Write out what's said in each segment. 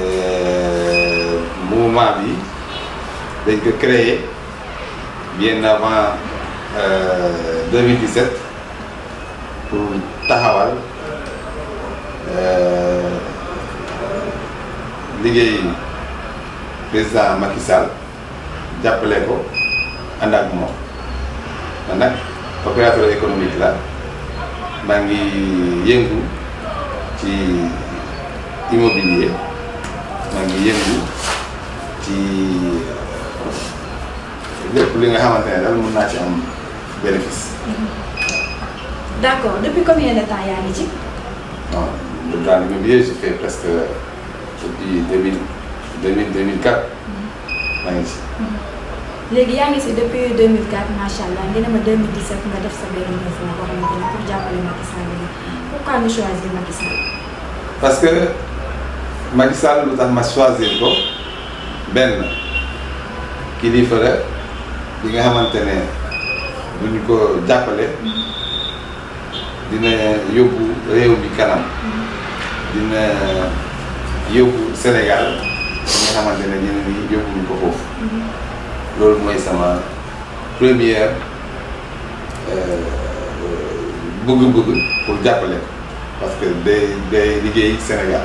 Euh, mouvement bi dañ ko créé bien avant euh, pour taxawal euh, liggéey président Macky Sall jàppale ko ànd ak moom man nag opérateur économique la maa ngi yëngu ci immobilier maa ngi yëngu ci lépp li nga xamante ne daal mën naa ci am bénéfice. Mm-hmm. d' depuis combien de temps yaa ngi ci. presque depuis mm-hmm. ngi ci. Mm-hmm. léegi yaa ngi si depuis 2004 macha allah nga ne ma 2017 nga def sa benn mouvement boo xamante ne pour jàppale Macky Sall choisir Macky Sall. parce que. Macky lu tax ma choisir ko benn kilifa la bi nga xamante ne bu ñu ko jàppale dina yóbbu réew mi kanam dina yóbbu Sénégal bi nga xamante ne ñeneen ñi yóbbuñu ko foofu loolu mooy sama première euh, bëgg-bëgg pour jàppale ko parce que day day liggéey Sénégal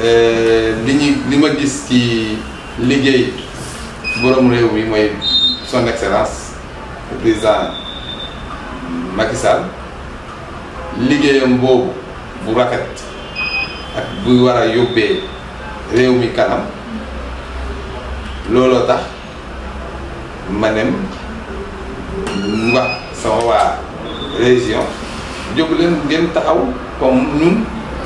Euh, li ñu li ma gis ci liggéey borom réew mi mooy son excellence président Macky liggéeyam boobu bu rafet ak bu war a yóbbee réew mi kanam looloo tax ma nem wax sama waa région jóg ngeen taxaw comme ñun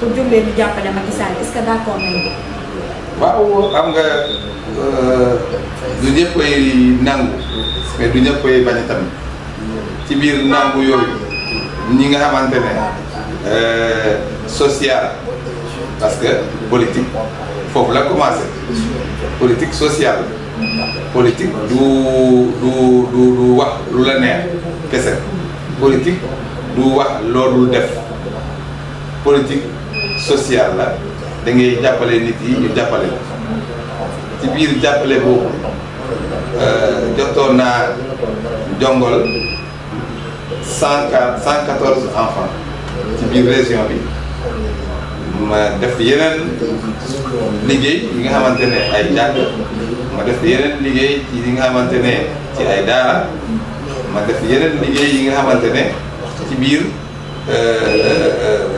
bu jublee ñu waaw xam nga euh, du ñëpp koy nangu mais du ñëpp koy bañ tamit ci biir nangu yooyu ñi nga xamante ne euh, social parce que foofu la commencé politique sociale politique du du du du wax lu la neex kese politique du wax loolu def politique social la da ngay jàppale nit yi ñu jàppale ko ci biir jàppale boobu euh, jotoon naa jongol cent quatre cent quatorze enfants ci biir région bi ma def yeneen liggéey yi nga xamante ne ay jàng ma def yeneen liggéey ci yi nga xamante ne ci ay daara ma yeneen liggéey yi nga xamante ne ci biir euh,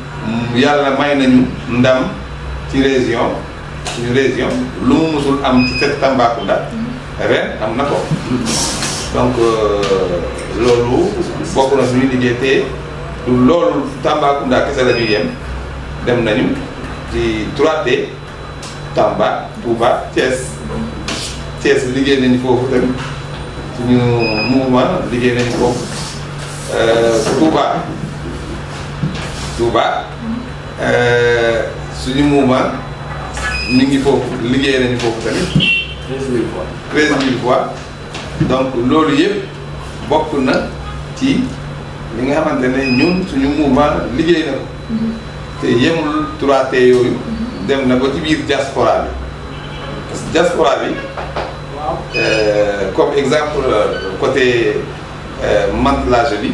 yàlla may nañu ndam ci région ci région lu mu musul am ci set Tambacounda mm-hmm. ren am na ko donc euh, loolu bokk na suñu liggéey te du loolu Tambacounda kese la ñuy dem nañu ci 3D Tamba Touba Thiès Thiès liggéey nañu foofu tamit suñu mouvement liggéey nañu foofu euh, Touba Touba euh, suñu mouvement ñu ngi foofu liggéey nañu foofu tamit. 13000 fois 13000 fois donc loolu yëpp bokk na ci li nga xamante ne ñun suñu mouvement liggéey na ko. te yemul 3 yooyu. dem na ko ci biir diaspora bi parce que diaspora bi. Euh, comme exemple côté euh, Mantes-la-Jolie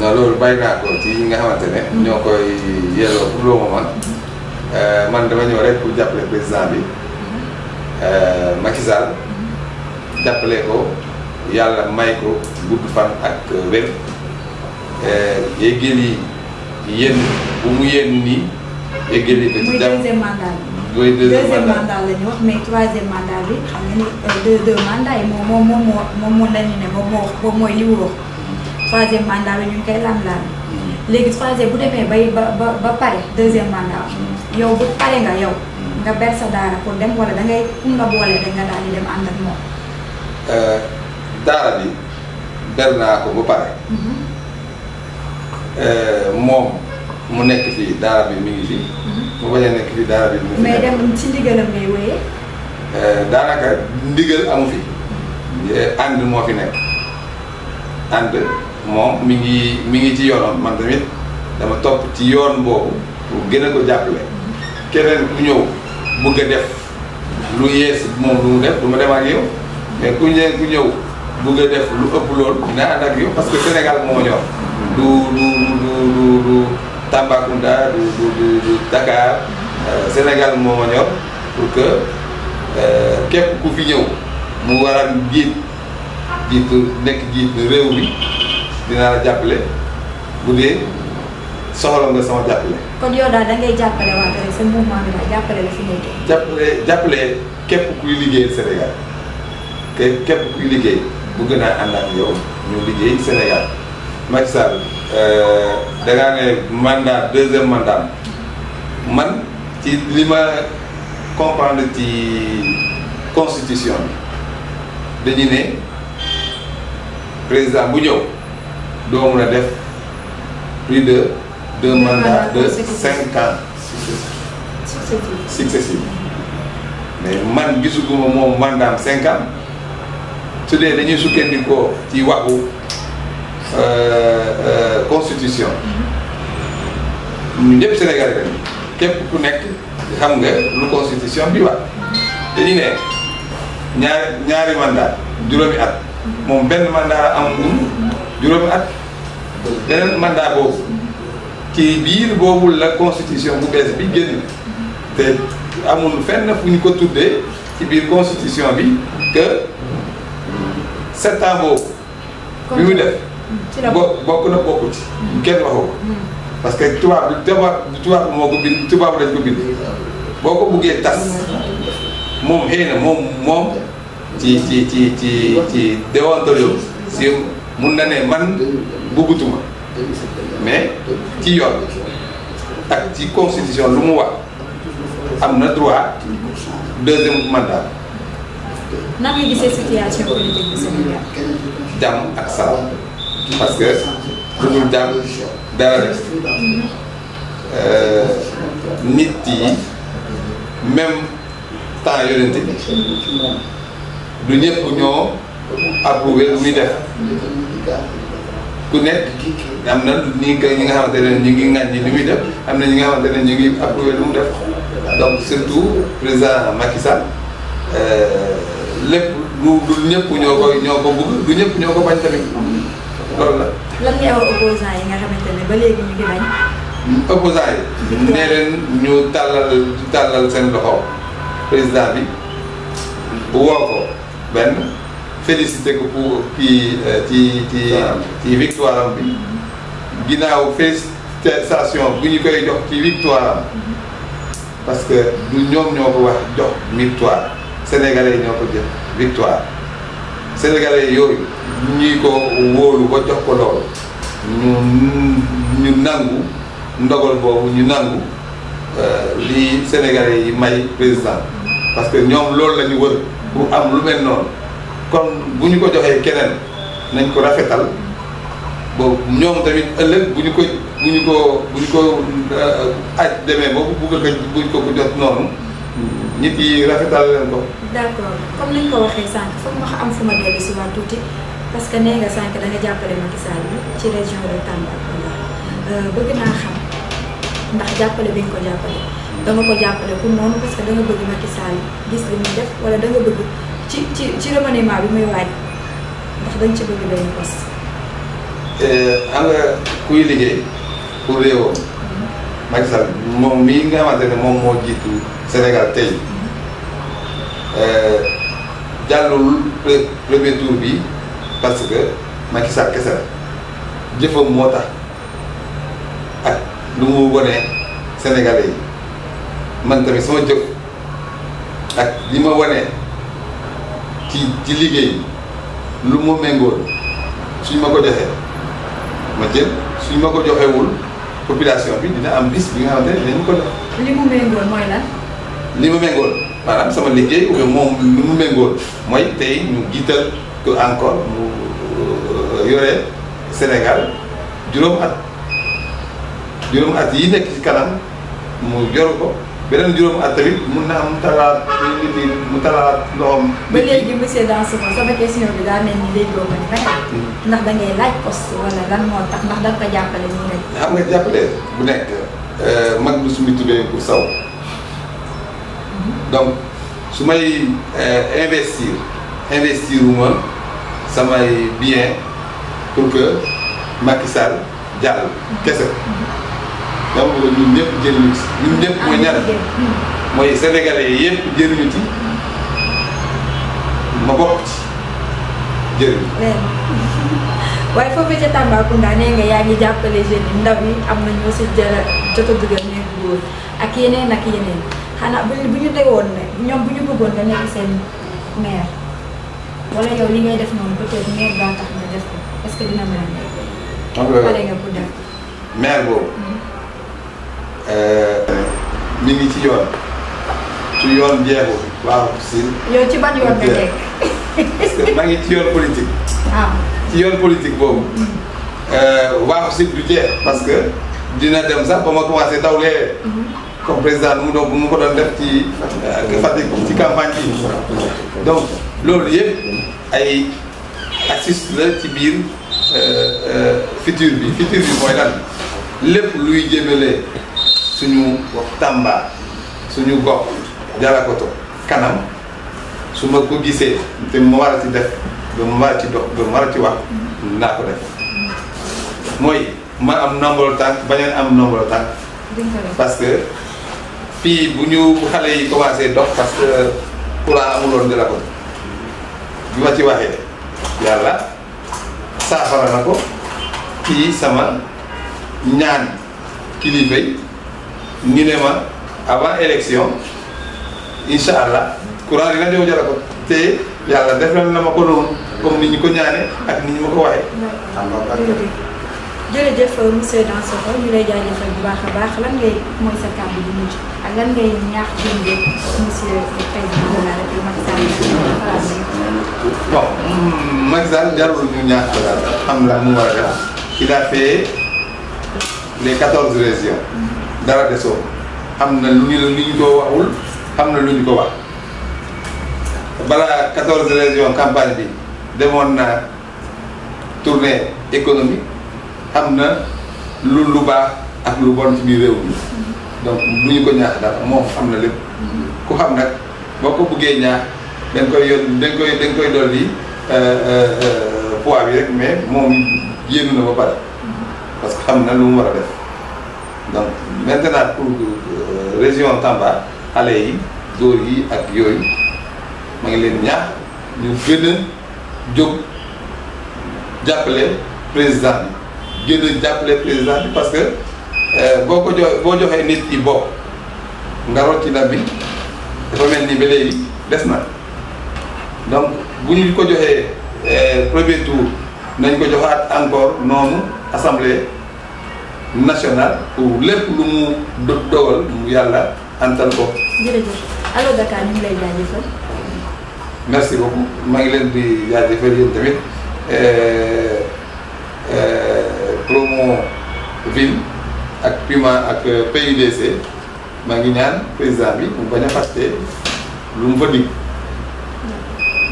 non loolu bàyyi naa ko ci ñi nga xamante ne. ñoo koy ma pour le moment euh, man dama ñëw rek pour jàppale président bi euh, Macky Sall jàppale ko yàlla may ko fan ak wér euh, yéegéel yi yéen bu mu yéen nii yéegéel yi. muy deuxième mandat bi muy deuxième moo moo lañu ne moom moo wax li troisième mandat bi ngi koy lam-lam léegi troisième bu demee ba ba ba pare deuxième mandat yow bu pare nga yow nga ber sa daara pour dem wala da ngay kum la boolee da nga daal di dem ànd moom euh, daara bi ber naa ko ba pare mhm. euh, moom mu nekk fii daara bi mi ngi fii mhm. mu bañ nekk fii daara bi mu mais dem ci ndigalam ngay wéyee euh, daanaka ndigal amu fi mhm. ànd moo fi nekk ànd moom mi ngi mi ngi ci yoonam man tamit dama topp ci yoon boobu pour gën a ko jàppale keneen ku ñëw bëgg a def lu yees moom lu mu def du ma dem ak yow mais ku ñëw ku ñëw bëgg a def lu ëpp loolu dinaa ànd ak yow parce que Sénégal moo ñor du du du du du Tambacounda du du du Dakar euh, Sénégal ñor pour que euh, képp ku fi ñëw mu war a jiit nekk jiit réew mi dinaa la jàppale bu dee soxla nga sama jàppale. kon yow daal da jàppale waa Tere sa mouvement bi jàppale la fi ngay jàppale jàppale képp kuy liggéey Sénégal te képp kuy liggéey bëgg naa ànd ak yow ñu liggéey Sénégal Macky Sall euh, da ngaa deuxième mandat man ci li ma comprendre ci constitution bi dañu ne président bu ñëw. doo mun a def plus de deux mandats de cinq ans successifs mais man gisuguma moom mandaam cinq su dee dañuy sukkandikoo ci waxu euh, euh, constitution ñu ñëpp Sénégal ren képp ku nekk xam nga lu constitution bi wax dañu ne ñaari ñaari mandat juróomi at moom benn mandat la amagum juróom at beneen mandat boobu ci biir boobu la constitution bu bees bi génn te amul fenn fu ñu ko tuddee ci biir constitution bi que sept boobu bi mu def bo- bokk na bokkut kenn waxu hmm. parce que tubaab tubaab moo ko bind tubaab lañ ko bind boo ko buggee tas moom xëy moom moom ci ci ci ci ci déontologie si mun na ne man bëggatuma mais ci yoon ak ci constitution lu mu wax am na droit deuxième mandat. nan jàmm ak salaam parce que lu dul jàmm dara def euh, nit yi même temps yonente bi du ñëpp ñoo. at bu wér muy ku nekk am na ñi nga ñi nga xamante ne ñu ngi ŋàññi am na ñi nga xamante ne ñu ngi approuvé lu mu def donc surtout président Macky Sall euh, lépp lu du ñëpp ñoo koy ñoo ko bëgg du ñëpp ñoo ko bañ tamit loolu la. lan ngay wax opposant yi nga xamante ne ba léegi ñu ngi bañ. opposant yi. seen loxo bi félicité ko pour kii euh, ci ci ci victoire am bi ginnaaw félicitation bu ñu koy jox ci victoire am parce que du ñoom ñoo ko wax jox victoire sénégalais yi ñoo ko yooyu ñuy ko wóolu ba jox ko loolu ñu nangu ndogal boobu ñu nangu euh, li sénégalais yi may président parce que ñoom loolu lañu ñu wër pour am lu mel noonu kon bu ñu ko joxee keneen nañ ko rafetal boobu ñoom tamit ëllëg bu ñu ko bu ñu ko bu ñu ko euh, aj demee boobu bugg ko bu ñu ko ko jot noonu nit yi rafetal leen ko. d'accord comme ni ñu ko waxee sànq foog ma am fu ma dellu si waat tuuti parce que nee nga sànq da nga jàppale Macky Sall ci région de Tambacounda euh, bëgg naa xam ndax jàppale bi nga ko jàppale. da ko jàppale pour moom parce que bëgg Macky Sall gis li muy def wala da bëgg. ci ci ci remaniement bi muy waaj ndax dañ ci bëgg benn bos. Eh, xam nga kuy liggéey pour réewam. Mm-hmm. moom mii nga xamante ne moom moo jiitu Sénégal tey mm-hmm. eh, jàllul premier tour bi parce que Macky Sall kese la jëfam moo tax ak lu mu wone Sénégalais yi man tamit sama ak li ma ci ci liggéey lu mu méngool suñ ma ko joxee ma jël suñ ma ko joxewul population bi dina am bis bi nga xamante ne dinañ ko def. li mu méngool mooy lan. li ma méngool maanaam sama liggéey ou moom lu mu méngool mooy tey ñu jiital ko encore mu euh, yore Sénégal juróom at juróom at yi nekk ci kanam mu yor ko. beneen juróom at tamit mun na am mu talaat nit ñi mu talaat loxoom. ba léegi monsieur Dansokho sama question bi daa mel ni léegi doo ko hmm. ndax xam nga jàppale bu nekk euh, mag bi su ma tuddee pour saw. Hmm. donc su may euh, investir investir wu ma samay bien pour que Macky jàll hmm. kese. dama bëgg ñun ñëpp jëriñu ci ñun ñëpp ah, mooy ñaar mooy sénégalais yëpp jëriñu ci ma bokk ci jëriñu. waaye foofee ca Tambacounda nee nga yaa ngi jàppale jeunes yi ndaw yi am nañ ñoo si jara jot a dugal nekk góor ak yeneen ak yeneen xanaa buñ bu ñu dewoon ne ñoom bu ñu bëggoon nga nekk seen maire wala yow li ngay def noonu peut-être maire daa tax nga def ko est-ce que dina mën a. maire boobu. Mm-hmm. Euh, mi ngi ci yoon ci yoon jeexul waaw si. yow ci ban yoon nga nekk. parce maa ngi ci yoon politique. waaw ah. ci yoon politique boobu. Mm. Euh, waaw si du jeex parce que dina dem sax ba ma commencé daw lee. Mm-hmm. président mu doon bu mu ko doon def ci Fatick ci campagne bi. donc loolu yëpp ay astuce la ci biir euh, futur bi futur bi mooy lan lépp luy jëmale. suñu Tamba suñu gox jarakoto kanam su ma ko gisee te ma war a ci def ba ma war a ci dox ba ma war ci wax naa ko def mooy ma am nombolo tànk bañoon am nombolo tànk parce que fii bu ñu xale yi commencé dox parce que courant amuloon jarakoto bi ma ci waxee yàlla saafara na ko sama ñaan kilifa yi ñu ne ma avant élection incha allah courant dina jow jara ko te yàlla def na ma ko noonu comme ni ñu ko ñaane ak ni ñu ma ko waxee. jërëjëf monsieur Dansokho ñu lay jaajëfal bu baax a baax lan ngay mooy sa kàddu bu mujj ak lan ngay ñaax jënde monsieur le président de la République Macky Sall bon Macky Sall jarul ñu ñaax ko daal xam la mu war a def il a fait les quatorze régions. Mm-hmm. dara desoo am na lu ñu la lu ñu ko waxul am na lu ñu ko wax balaa 14 régions campagne bi demoon na tournée économique am na lu lu baax ak lu bon ci biir réew mi donc bu ñu ko ñaax dara moom xam na lépp ku xam nag boo ko buggee ñaax dañ koy yoon dañ koy dañ dolli euh, euh, euh, poids bi rek mais moom yéenu na ba pare parce que xam na lu mu war a def donc maintenant pour euh, région Tamba xale yi góor yi ak yooyu ma ngi leen ñaax ñu gën a jóg jàppale président bi gën a jàppale président bi parce que euh, boo ko jox boo joxee nit yi bopp nga rocci ndab bi dafa mel ni ba léegi des na donc bu ñu ko joxee euh, premier tour nañ ko joxaat encore noonu assemblée national pour lépp lu mu dogal mu yàlla antal ko. jërëjëf Allo Dakar ñu ngi lay jaajëfal. merci beaucoup maa ngi leen di jaajëfal yéen tamit euh, euh, promo ville ak PUMA ak euh, PUDC maa ngi ñaan président bi mu bañ a lu mu fa dig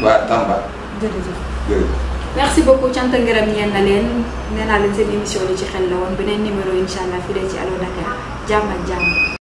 waa Tamba. merci beaucoup cant ak ngërëm ñeen na leen nee naa leen seen émission li ci xel la woon beneen numéro incha allah fii ci Allo Dakar jàmm ak jàmm.